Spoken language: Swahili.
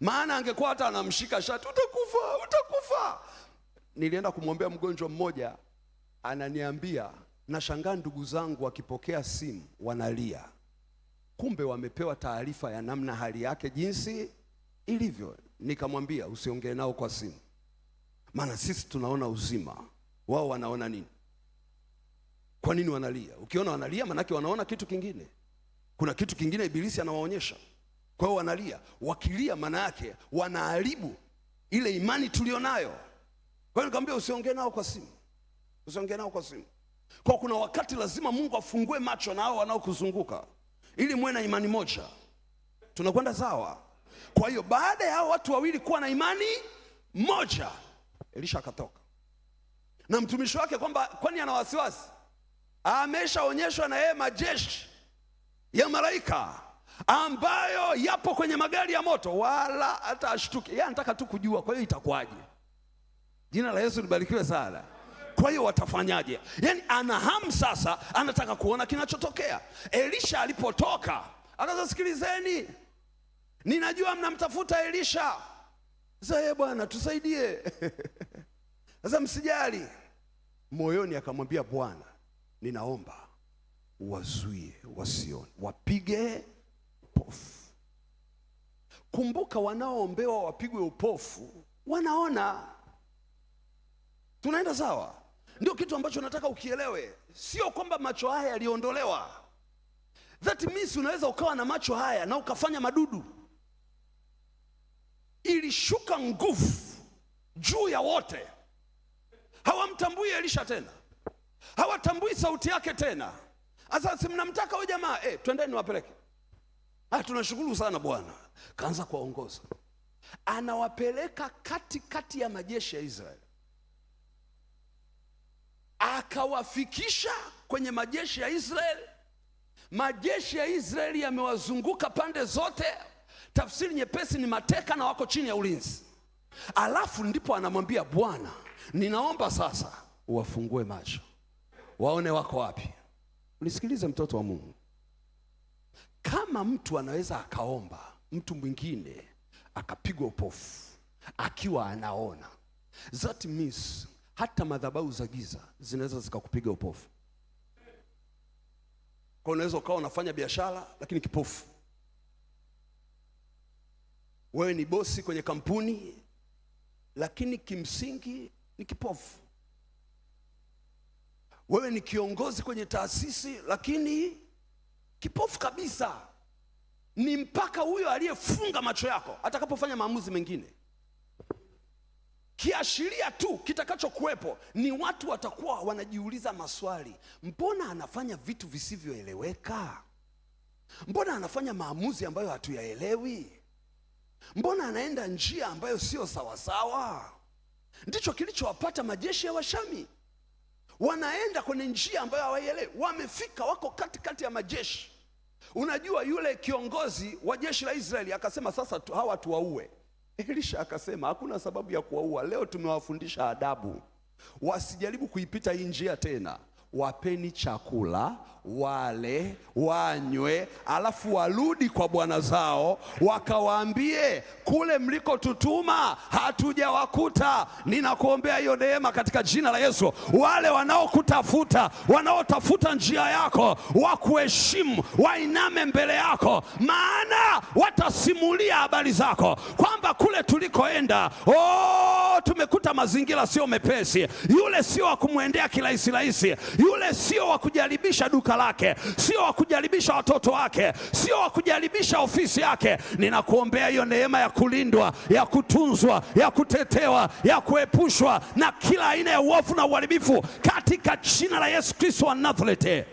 maana angekuwa hata anamshika shati, utakufa, utakufa. Nilienda kumwombea mgonjwa mmoja, ananiambia nashangaa, ndugu zangu wakipokea simu wanalia, kumbe wamepewa taarifa ya namna hali yake jinsi ilivyo. Nikamwambia usiongee nao kwa simu, maana sisi tunaona uzima, wao wanaona nini? Kwa nini wanalia? Ukiona wanalia, maanake wanaona kitu kingine, kuna kitu kingine Ibilisi anawaonyesha. Kwa hiyo wanalia, wakilia maana yake wanaharibu ile imani tulionayo. Kwa hiyo nikamwambia usiongee nao kwa simu, usiongee nao kwa simu, kwa kuna wakati lazima Mungu afungue macho na hao wanaokuzunguka ili muwe na imani moja. Tunakwenda sawa? Kwa hiyo baada ya hao watu wawili kuwa na imani moja, Elisha akatoka na mtumishi wake, kwamba kwani ana wasiwasi? Ah, ameshaonyeshwa na yeye majeshi ya malaika ambayo yapo kwenye magari ya moto, wala hata ashtuke. Yeye yaani, anataka tu kujua, kwa hiyo itakuwaje? Jina la Yesu libarikiwe sana. Kwa hiyo watafanyaje? Yaani ana hamu sasa, anataka kuona kinachotokea. Elisha alipotoka akaza, sikilizeni, ninajua mnamtafuta Elisha. Sasa eh, bwana, tusaidie sasa. Msijali moyoni, akamwambia Bwana, ninaomba wazuie wasione, wapige upofu. Kumbuka, wanaoombewa wapigwe upofu wanaona. Tunaenda sawa? Ndio kitu ambacho nataka ukielewe, sio kwamba macho haya yaliondolewa. That means unaweza ukawa na macho haya na ukafanya madudu. Ilishuka nguvu juu ya wote, hawamtambui Elisha tena, hawatambui sauti yake tena. asasi mnamtaka huyu jamaa eh, twendeni niwapeleke Ah, tunashukuru sana Bwana. Kaanza kuwaongoza, anawapeleka kati kati ya majeshi ya Israeli, akawafikisha kwenye majeshi ya Israeli. Majeshi ya Israeli yamewazunguka pande zote, tafsiri nyepesi ni mateka na wako chini ya ulinzi. Alafu ndipo anamwambia Bwana, ninaomba sasa uwafungue macho waone wako wapi. Unisikilize mtoto wa Mungu, kama mtu anaweza akaomba mtu mwingine akapigwa upofu akiwa anaona, that means hata madhabahu za giza zinaweza zikakupiga upofu. Kwa unaweza ukawa unafanya biashara lakini kipofu. Wewe ni bosi kwenye kampuni lakini kimsingi ni kipofu. Wewe ni kiongozi kwenye taasisi lakini Kipofu kabisa ni mpaka huyo aliyefunga macho yako atakapofanya maamuzi mengine. Kiashiria tu kitakachokuwepo ni watu watakuwa wanajiuliza maswali, mbona anafanya vitu visivyoeleweka? Mbona anafanya maamuzi ambayo hatuyaelewi? Mbona anaenda njia ambayo siyo sawasawa? Ndicho kilichowapata majeshi ya Washami wanaenda kwenye njia ambayo hawaielewi. Wamefika, wako katikati kati ya majeshi. Unajua yule kiongozi wa jeshi la Israeli akasema sasa tu, hawa tuwaue. Elisha akasema hakuna sababu ya kuwaua, leo tumewafundisha adabu, wasijaribu kuipita hii njia tena wapeni chakula wale wanywe, alafu warudi kwa bwana zao wakawaambie, kule mlikotutuma hatujawakuta. Ninakuombea hiyo neema katika jina la Yesu. Wale wanaokutafuta, wanaotafuta njia yako, wakuheshimu, wainame mbele yako, maana watasimulia habari zako kwamba kule tulikoenda, oh, tumekuta mazingira sio mepesi, yule sio wa kumwendea kirahisi rahisi yule sio wa kujaribisha duka lake, sio wa kujaribisha watoto wake, sio wa kujaribisha ofisi yake. Ninakuombea hiyo neema ya kulindwa, ya kutunzwa, ya kutetewa, ya kuepushwa na kila aina ya uovu na uharibifu katika jina la Yesu Kristo wa Nazareti.